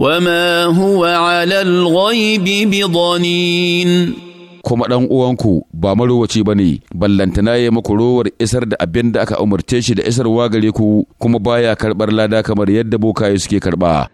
وما هو على الغيب بضنين kuma ɗan uwanku ba marowaci ba ne lantana ya muku rowar isar da abin da aka umarce shi da isarwa gare ku kuma baya karɓar lada kamar yadda bokaye suke karɓa